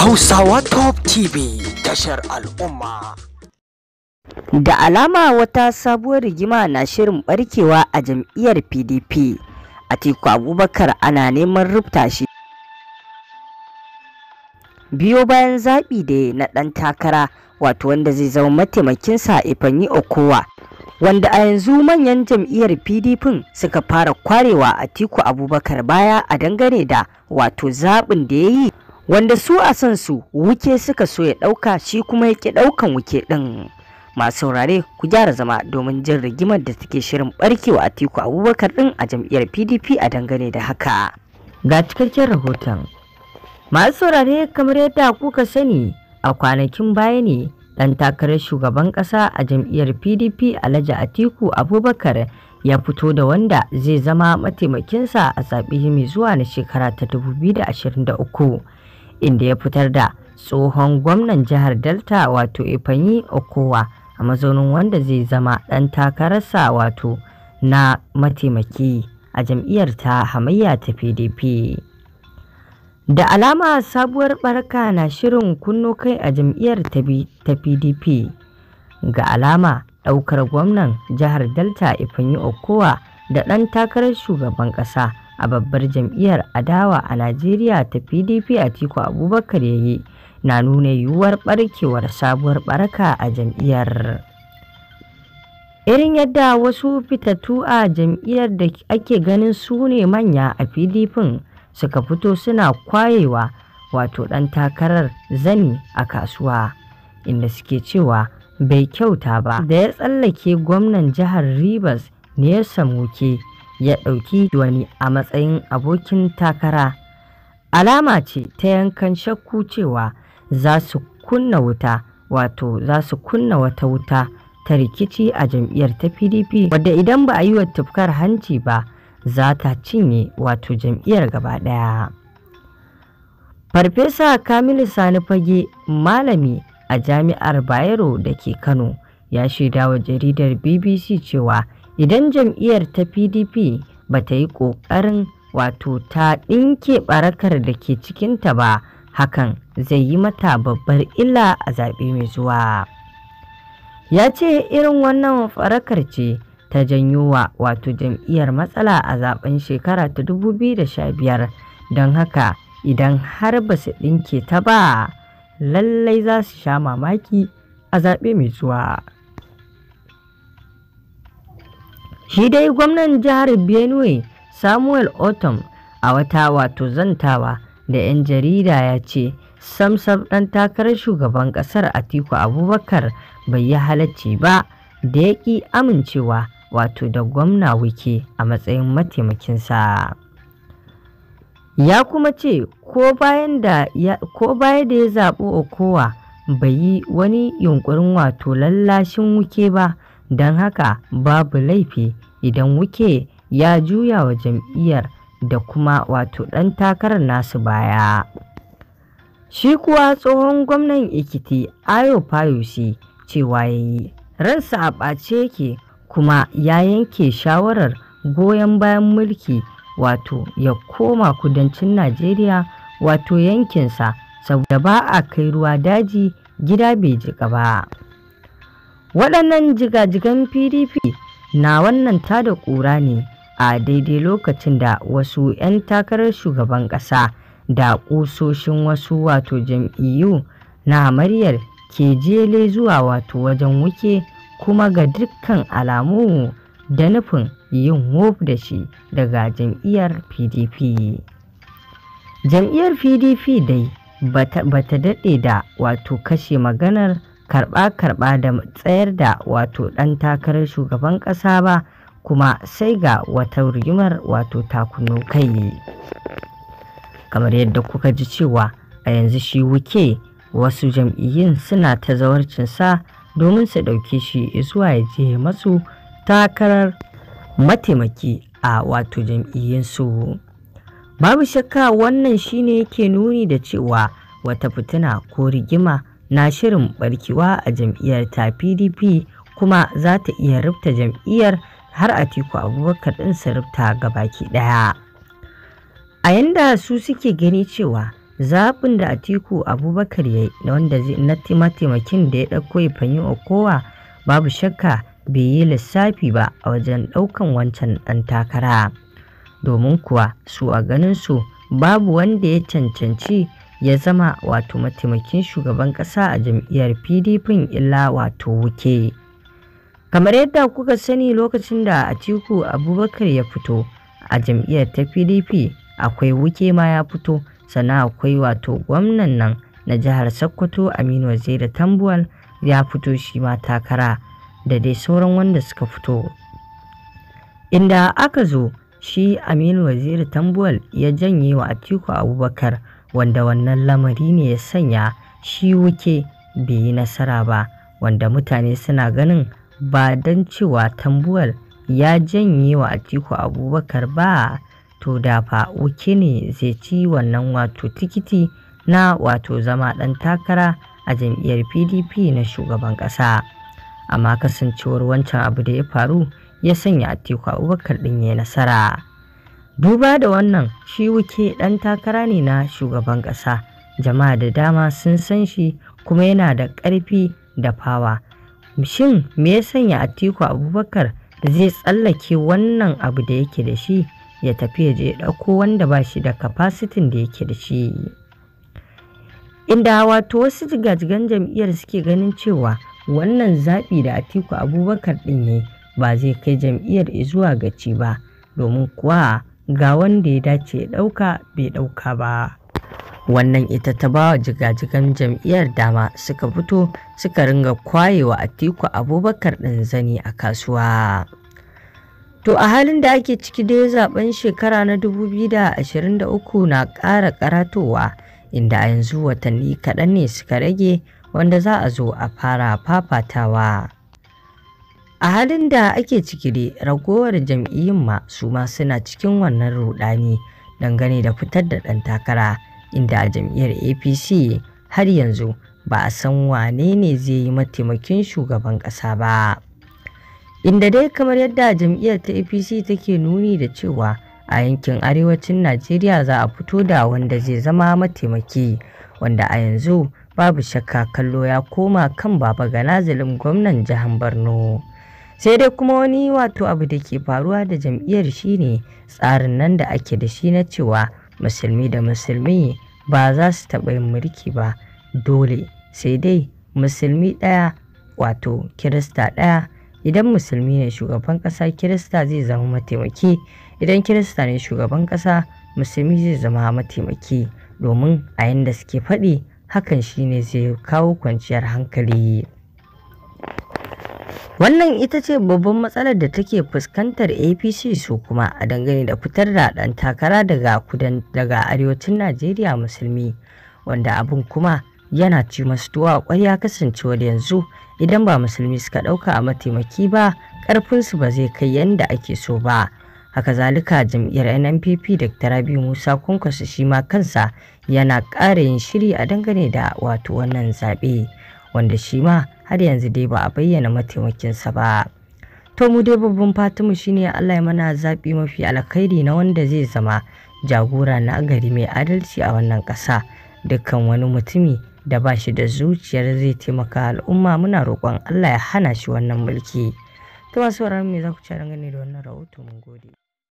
Hausawa Top TV tashar al'umma. Da alama wata sabuwar rigima na shirin barkewa a jam'iyyar PDP. a teku Abubakar ana neman rubta shi. Biyo bayan zaɓi da na ɗan takara wato wanda zai zama mataimakin mataimakinsa Ifanyi Okowa. Wanda a yanzu manyan jam'iyyar PDP suka fara kwarewa a tiku Abubakar baya a dangane da wato zaɓin da ya yi wanda su a son su wuke suka so ya ɗauka shi kuma ya daukan ɗaukan wuke ɗin masu saurare ku gyara zama domin jin rigimar da take shirin barkewa tiku abubakar ɗin a jam'iyyar pdp a dangane da haka ga cikakken rahoton masu saurare kamar yadda kuka sani a kwanakin baya ne ɗan takarar shugaban ƙasa a jam'iyyar pdp alhaji atiku abubakar ya fito da wanda zai zama mataimakinsa a zaɓe mai zuwa na shekara ta 2023 inda ya fitar da tsohon gwamnan jihar delta wato ifanyi okowa a mazaunin wanda zai zama ɗan takararsa wato na mataimaki a jam'iyyar ta hamayya ta pdp da alama sabuwar barka na shirin kunno kai a jam'iyyar ta pdp ga alama ɗaukar gwamnan jihar delta ifanyi okowa da ɗan takarar shugaban ƙasa a babbar jam'iyyar adawa a Najeriya ta PDP a tiku Abubakar yayi na nuna yiwuwar barkewar sabuwar baraka a jam'iyyar. irin yadda wasu fitattu a jam'iyyar da ake ganin su ne manya a pdp suka fito suna kwayewa wato ɗan takarar zani a kasuwa inda suke cewa bai kyauta ba da ya tsallake gwamnan jihar rivers ne ya samuke ya ɗauki wani a matsayin abokin takara alama ce ta yankan shakku cewa za su kunna wuta wato za su kunna wata wuta ta rikici a jam'iyyar ta pdp wadda idan ba a yi wa tufkar hanci ba za ta cinye wato jam'iyyar gaba ɗaya farfesa kamilu sani fage malami a jami'ar bayero da ke kano ya shaida wa jaridar bbc cewa idan jam'iyyar ta pdp ba ta yi ƙoƙarin wato ta ɗinke ɓarakar da ke cikinta ba hakan zai yi mata babbar illa a zaɓe mai zuwa ya ce irin wannan farakar ce ta janyo wa wato jam'iyyar matsala a zaben shekara ta 2015 don haka idan har ba su ɗinke ta ba lallai za su sha mamaki a zaɓe mai zuwa. Shi dai gwamnan jihar Benue Samuel Otom a wata wato zantawa da 'yan jarida ya ce samsam ɗan takarar shugaban ƙasar Atiku Abubakar bai yi halacci ba da ya ƙi amincewa wato da gwamna wike a matsayin mataimakinsa. Ya kuma ce ko bayan da ya zaɓi Okowa bai yi wani yunkurin wato lallashin wuke ba don haka babu laifi idan wuke ya juya wa jam'iyyar da kuma wato ɗan takarar nasu baya shi kuwa tsohon gwamnan ikiti ayo fayusi cewa ya yi ransa a ɓace yake kuma ya yanke shawarar goyon bayan mulki wato ya koma kudancin najeriya wato yankinsa saboda ba a kai ruwa daji gida bai jika ba waɗannan jigajigan pdp na wannan tada ƙura ne a daidai lokacin da wasu 'yan takarar shugaban ƙasa da ƙusoshin wasu wato jam'iyyu na maryar ke jele zuwa wato wajen wuke kuma ga dukkan alamu da nufin yin wof da shi daga jam'iyyar pdp jam'iyyar pdp dai ba ta daɗe da wato kashe maganar karɓa-karɓa da tsayar da wato ɗan takarar shugaban ƙasa ba kuma sai ga wata rigimar wato takunu kai kamar yadda kuka ji cewa a yanzu shi wuke wasu jam'iyyun suna ta zawarcinsa domin su ɗauke shi zuwa ya je masu takarar mataimaki a wato jam'iyyunsu babu shakka wannan shine yake nuni da cewa wata fitina ko rigima na shirin barkewa a jam'iyyar ta PDP kuma za ta iya rufta jam'iyyar har a tiku Abubakar din su ga baki daya. A yanda su suke gani cewa zaɓin da Atiku Abubakar ya yi na wanda na taimakin da ya ɗauko Ifanyi kowa babu shakka bai yi lissafi ba a wajen ɗaukan wancan ɗan takara. Domin kuwa su a ganin su babu wanda ya cancanci ya zama wato mataimakin shugaban ƙasa a jam'iyyar pdp illa wato wuke kamar yadda kuka sani lokacin da atiku abubakar ya fito a jam'iyyar ta pdp akwai wuke ma ya fito sannan akwai wato gwamnan nan na jihar sokoto aminu wazira tambuwal ya fito shi ma takara da dai sauran wanda suka fito inda aka zo shi aminu waziri tambuwal ya janye wa atiku abubakar wanda wannan lamari ne ya sanya shi Wike bai yi nasara ba wanda mutane suna ganin ba don cewa tambuwal ya janye wa Atiku Abubakar ba to da fa Wike ne zai ci wannan wato tikiti na wato zama ɗan takara a jam'iyyar PDP na shugaban ƙasa. Amma kasancewar wancan abu da ya faru ya sanya Atiku Abubakar ɗin ya nasara. duba da wannan shi wuke ɗan takara ne na shugaban ƙasa jama'a da dama sun san shi kuma yana da ƙarfi da fawa shin me ya sanya atiku abubakar da zai tsallake wannan abu da yake da shi ya tafi ya je ɗauko wanda ba shi da kafasitin da yake da shi inda wato wasu jigajigan jam'iyyar suke ganin cewa wannan zaɓi da atiku abubakar ɗin ne ba zai kai jam'iyyar zuwa gaci ba domin kuwa ga wanda ya dace ya ɗauka bai ɗauka ba wannan ita ta bawa jigajigan jam'iyyar dama suka fito suka ringa kwayewa a atiku abubakar ɗin zani a kasuwa to a halin da ake ciki dai zaben shekara na 2023 na ƙara karatowa inda a yanzu watanni kaɗan ne suka rage wanda za a zo a fara fafatawa a halin da ake ciki da ragowar jam'iyyun ma su ma suna cikin wannan rudani dangane da fitar da ɗan takara inda a jam'iyyar apc har yanzu ba a san wane ne zai yi mataimakin shugaban ƙasa ba inda dai kamar yadda jam'iyyar ta apc take nuni da cewa a yankin arewacin najeriya za a fito da wanda zai zama mataimaki wanda a yanzu babu shakka kallo ya koma kan baba ga nazilin gwamnan jihar borno sai dai kuma wani wato abu da ke faruwa da jam'iyyar shine tsarin nan da ake da shi na cewa musulmi da musulmi ba za su taɓa yin mulki ba dole sai dai musulmi ɗaya wato kirista ɗaya idan musulmi ne shugaban ƙasa kirista zai zama mataimaki idan kirista ne shugaban ƙasa musulmi zai zama mataimaki domin a yanda suke faɗi hakan shine zai kawo kwanciyar hankali Wannan ita ce babban matsalar da take fuskantar APC su kuma a dangane da fitar da ɗan takara daga kudan daga arewacin Najeriya musulmi wanda abin kuma yana ci masu tuwa ƙwarya kasancewar yanzu idan ba musulmi suka ɗauka a mataimaki ba ƙarfinsu ba zai kai yadda ake so ba. Haka zalika jam'iyyar NNPP Dr. Rabi Musa Kwankwaso shi ma kansa yana ƙara yin shiri a dangane da wato wannan zaɓe wanda shi ma har yanzu dai ba a bayyana mataimakinsa ba to mu dai babban fatima shine Allah ya mana zaɓi mafi alkhairi na wanda zai zama jagora na gari mai adalci a wannan ƙasa dukkan wani mutumi da ba shi da zuciyar zai taimaka al'umma muna roƙon Allah ya hana shi wannan mulki to masu me za ku ci ne da wannan rahoto mun gode